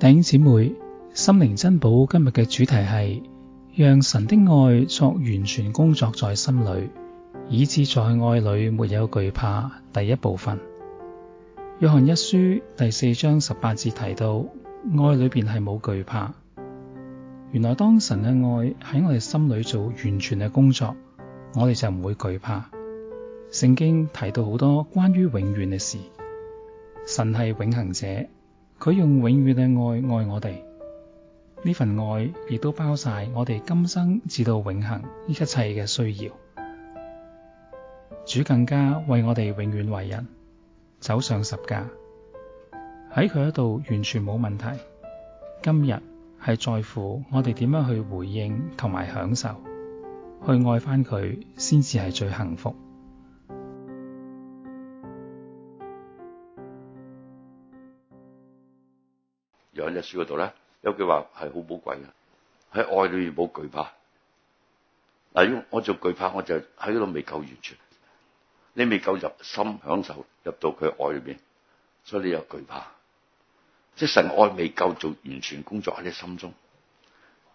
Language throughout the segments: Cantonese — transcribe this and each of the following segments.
弟兄姊妹，心靈珍寶今日嘅主題係讓神的愛作完全工作在心裏，以致在愛裏沒有懼怕。第一部分，約翰一書第四章十八節提到愛裏邊係冇懼怕。原來當神嘅愛喺我哋心裏做完全嘅工作，我哋就唔會懼怕。聖經提到好多關於永遠嘅事，神係永恆者。佢用永遠嘅愛愛我哋，呢份愛亦都包晒我哋今生至到永恆呢一切嘅需要。主更加為我哋永遠為人走上十架，喺佢度完全冇問題。今日係在乎我哋點樣去回應同埋享受，去愛翻佢，先至係最幸福。兩頁書嗰度咧有句話係好寶貴嘅，喺愛裏面冇懼怕。嗱，我做懼怕，我就喺度未夠完全。你未夠入心享受入到佢愛裏邊，所以你有懼怕。即係神愛未夠做完全工作喺你心中，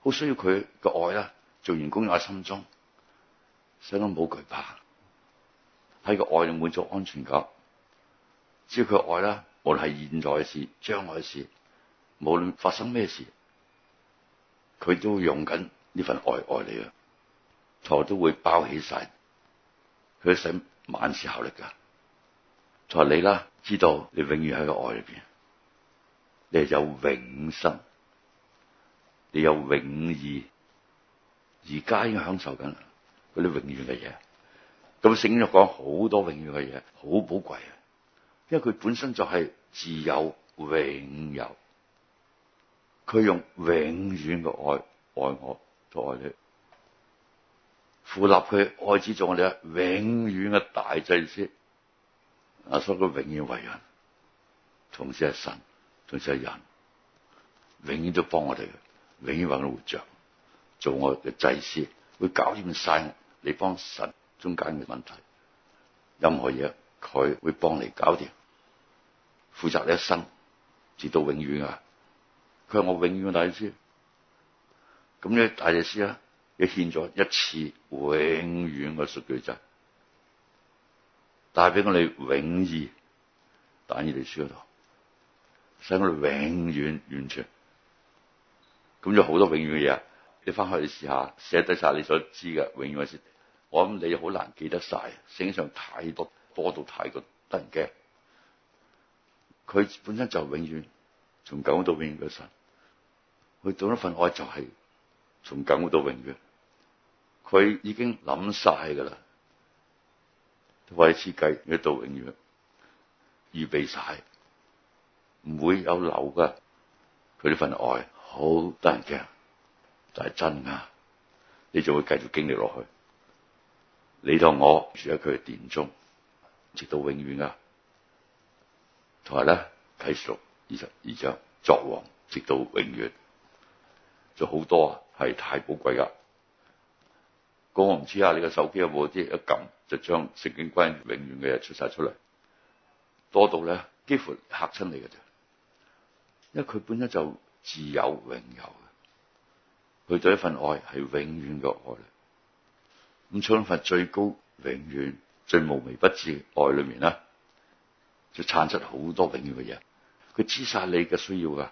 好需要佢嘅愛啦。做完工作喺心中，所以冇懼怕。喺個愛裏滿足安全感，只要佢愛啦，無論係現在嘅事、將來嘅事。無論發生咩事，佢都用緊呢份愛愛你啊，佢都會包起晒，佢使萬事效力噶。在你啦，知道你永遠喺個愛裏邊，你有永生，你有永意，而家已經享受緊嗰啲永遠嘅嘢。咁聖經講好多永遠嘅嘢，好寶貴啊，因為佢本身就係自有永有。佢用永遠嘅愛愛我，做愛你，扶立佢愛子做我哋永遠嘅大祭司。啊，所以佢永遠為人，同時係神，同時係人，永遠都幫我哋，永遠為我哋活着，做我嘅祭司，會搞掂晒我，嚟幫神中間嘅問題，任何嘢佢會幫你搞掂，負責你一生，直到永遠啊！係我永遠嘅大祭司，咁咧大祭司啊，你獻咗一次永遠嘅贖罪祭就帶俾我哋永遠，但係耶穌嗰度，使我哋永遠完全。咁有好多永遠嘅嘢，你翻去試下寫得晒你所知嘅永遠嘅事，我諗你好難記得晒，聖經上太多，多到太過得人驚，佢本身就永遠從九到永遠嘅神。佢做一份愛就係從今到永遠，佢已經諗晒噶啦，為設計一到永遠預備晒，唔會有漏噶。佢呢份愛好得人驚，就係真噶，你仲會繼續經歷落去。你同我住喺佢嘅殿中，直到永遠啊！同埋咧，啟示錄二十二章作王，直到永遠。就好多啊，係太寶貴噶。咁我唔知啊，你個手機有冇啲一撳就將聖經關永遠嘅嘢出晒出嚟，多到咧幾乎嚇親你嘅啫。因為佢本身就自有永有嘅，佢對一份愛係永遠嘅愛嚟。咁從一份最高、永遠、最無微不至嘅愛裏面啦，就產出好多永遠嘅嘢，佢知晒你嘅需要噶。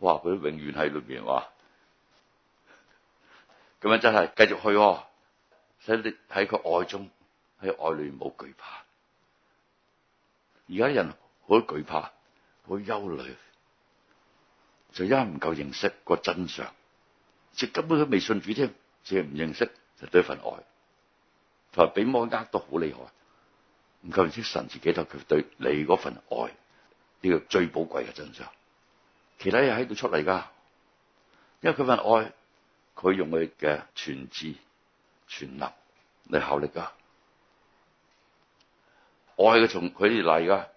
哇！佢永遠喺裏邊話，咁樣真係繼續去。哦，使你喺佢愛中喺愛裏冇懼怕。而家人好懼怕，好憂慮，就因為唔夠認識個真相，即根本都未信主添，只係唔認識就對份愛，同埋俾我呃到好厲害，唔夠認識神自己同佢對你嗰份愛呢，這個最寶貴嘅真相。其他嘢喺度出嚟噶，因為佢份愛，佢用佢嘅全智、全能嚟效力噶。愛嘅從佢哋嚟噶，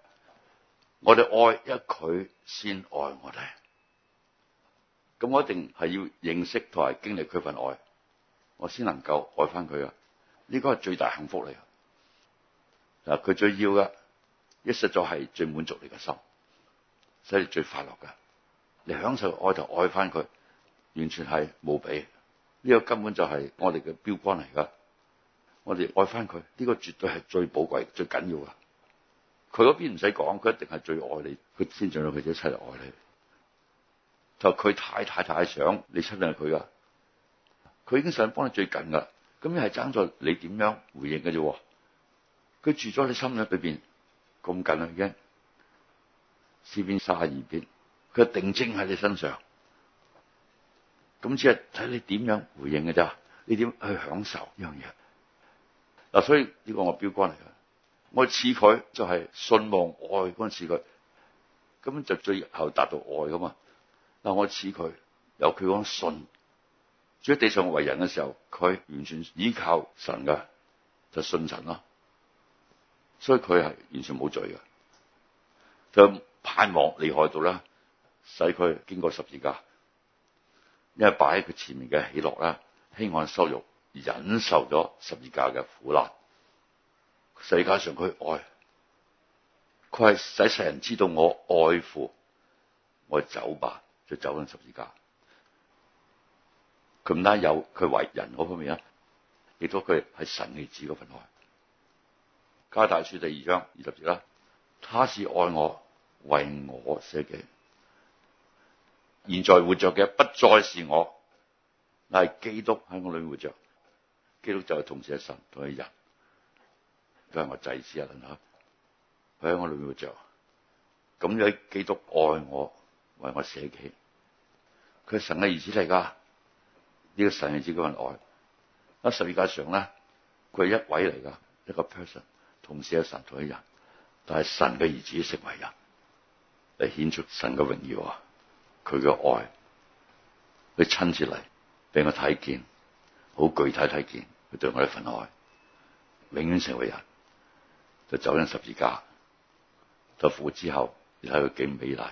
我哋愛，因為佢先愛我哋。咁我一定係要認識同埋經歷佢份愛，我先能夠愛翻佢啊！呢個係最大幸福嚟啊！嗱，佢最要嘅，一實在係最滿足你嘅心，所以最快樂噶。你享受愛就愛翻佢，完全係無比。呢個根本就係我哋嘅標竿嚟噶。我哋愛翻佢，呢個絕對係最寶貴、最緊要噶。佢嗰邊唔使講，佢一定係最愛你，佢先盡咗佢一切嚟愛你。就佢太太太想你出糧佢啊！佢已經想幫你最緊噶啦，咁係爭在你點樣回應嘅啫。佢住咗你心入裏邊咁近啊，已經撕邊沙而別。佢定睛喺你身上，咁只係睇你點樣回應嘅咋，你點去享受呢樣嘢？嗱、啊，所以呢、呢個我標杆嚟嘅。我似佢就係信望愛嗰陣似佢，根本就最後達到愛噶嘛。嗱、啊，我似佢，由佢講信，喺地上為人嘅時候，佢完全依靠神嘅，就信神咯。所以佢係完全冇罪嘅，就盼望厲害到啦。使佢經過十字架，因為擺喺佢前面嘅喜樂咧，輕看羞辱，忍受咗十字架嘅苦難。世界上佢愛，佢係使世人知道我愛父。我走吧，就走緊十字架。佢唔單有佢為人嗰方面啊，亦都佢係神嘅子嗰份愛。加大書第二章二十節啦，他是愛我，為我捨己。現在活着嘅不再是我，但係基督喺我裏活着。基督就係同時係神同係人，佢係我子嗣啊！佢喺我裏活着，咁喺基督愛我，為我捨己。佢係神嘅兒子嚟噶，呢、這個神兒子咁樣愛。喺十字架上咧，佢係一位嚟噶，一個 person，同時係神同係人，但係神嘅兒子成為人，嚟顯出神嘅榮耀啊！佢嘅愛，佢親自嚟，俾我睇見，好具體睇見佢對我嘅一份愛，永遠成為人，就走進十字架，到苦之後，你睇佢幾美麗。